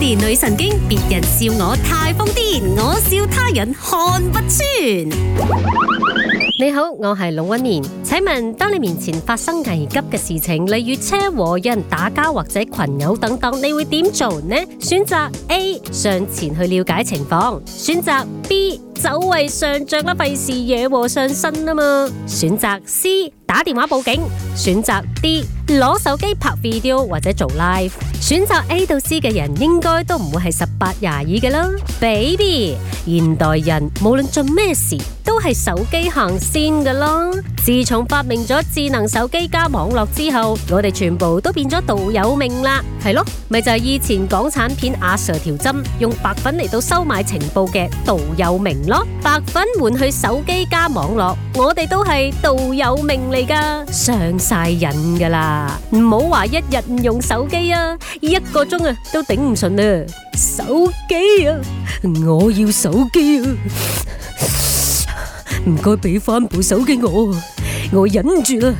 年女神經，別人笑我太瘋癲，我笑他人看不穿。你好，我係龍威年，請問當你面前發生危急嘅事情，例如車禍、有人打交或者群毆等等，你會點做呢？選擇 A 上前去了解情況，選擇 B。走為上著啦，費事惹禍上身啊嘛！選擇 C 打電話報警，選擇 D 攞手機拍 video 或者做 live。選擇 A 到 C 嘅人應該都唔會係十八廿二嘅啦，baby。現代人無論做咩事。都係手機行先噶咯！自從發明咗智能手機加網絡之後，我哋全部都變咗道友命啦，係咯，咪就係以前港產片阿 Sir 調針用白粉嚟到收買情報嘅道友命咯，白粉換去手機加網絡，我哋都係道友命嚟噶，上晒癮噶啦，唔好話一日唔用手機啊，一個鐘啊都頂唔順啦，手機啊，我要手機啊！唔該，俾翻部手機我，我忍唔住啦。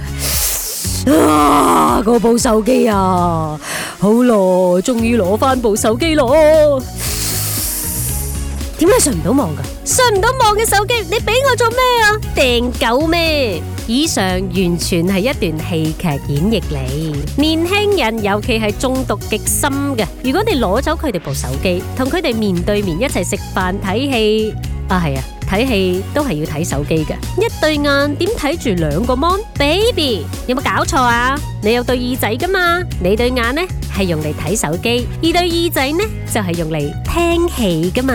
啊，嗰部手機啊，好咯，終於攞翻部手機咯。點解上唔到網噶？上唔到網嘅手機，你俾我做咩啊？掟狗咩？以上完全係一段戲劇演繹嚟。年輕人尤其係中毒極深嘅，如果你攞走佢哋部手機，同佢哋面對面一齊食飯睇戲，啊係啊。睇戲都係要睇手機嘅，一對眼點睇住兩個 mon，Baby 有冇搞錯啊？你有對耳仔噶嘛？你對眼呢係用嚟睇手機，而對耳仔呢就係用嚟聽戲噶嘛？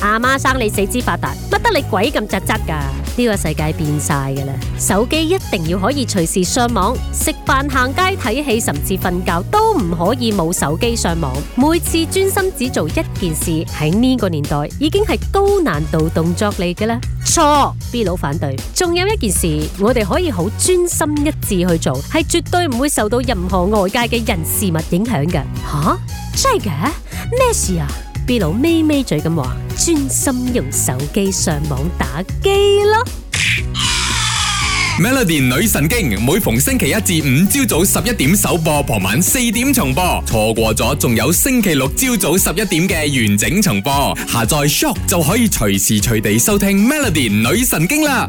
阿媽生你四肢發達，乜得你鬼咁窒窒噶？呢個世界變晒噶啦，手機一定要可以隨時上網，食飯、行街、睇戲，甚至瞓覺都唔可以冇手機上網。每次專心只做一件事，喺呢個年代已經係高難度動作嚟噶啦。錯，B 佬反對。仲有一件事，我哋可以好專心一致去做，係絕對唔會，會受到任何外界嘅人事物影響嘅吓，真係嘅咩事啊？Bill 咪咪嘴咁話，專心用手機上網打機咯。Melody 女神經每逢星期一至五朝早十一點首播，傍晚四點重播，錯過咗仲有星期六朝早十一點嘅完整重播。下載 Shock 就可以隨時隨地收聽 Melody 女神經啦。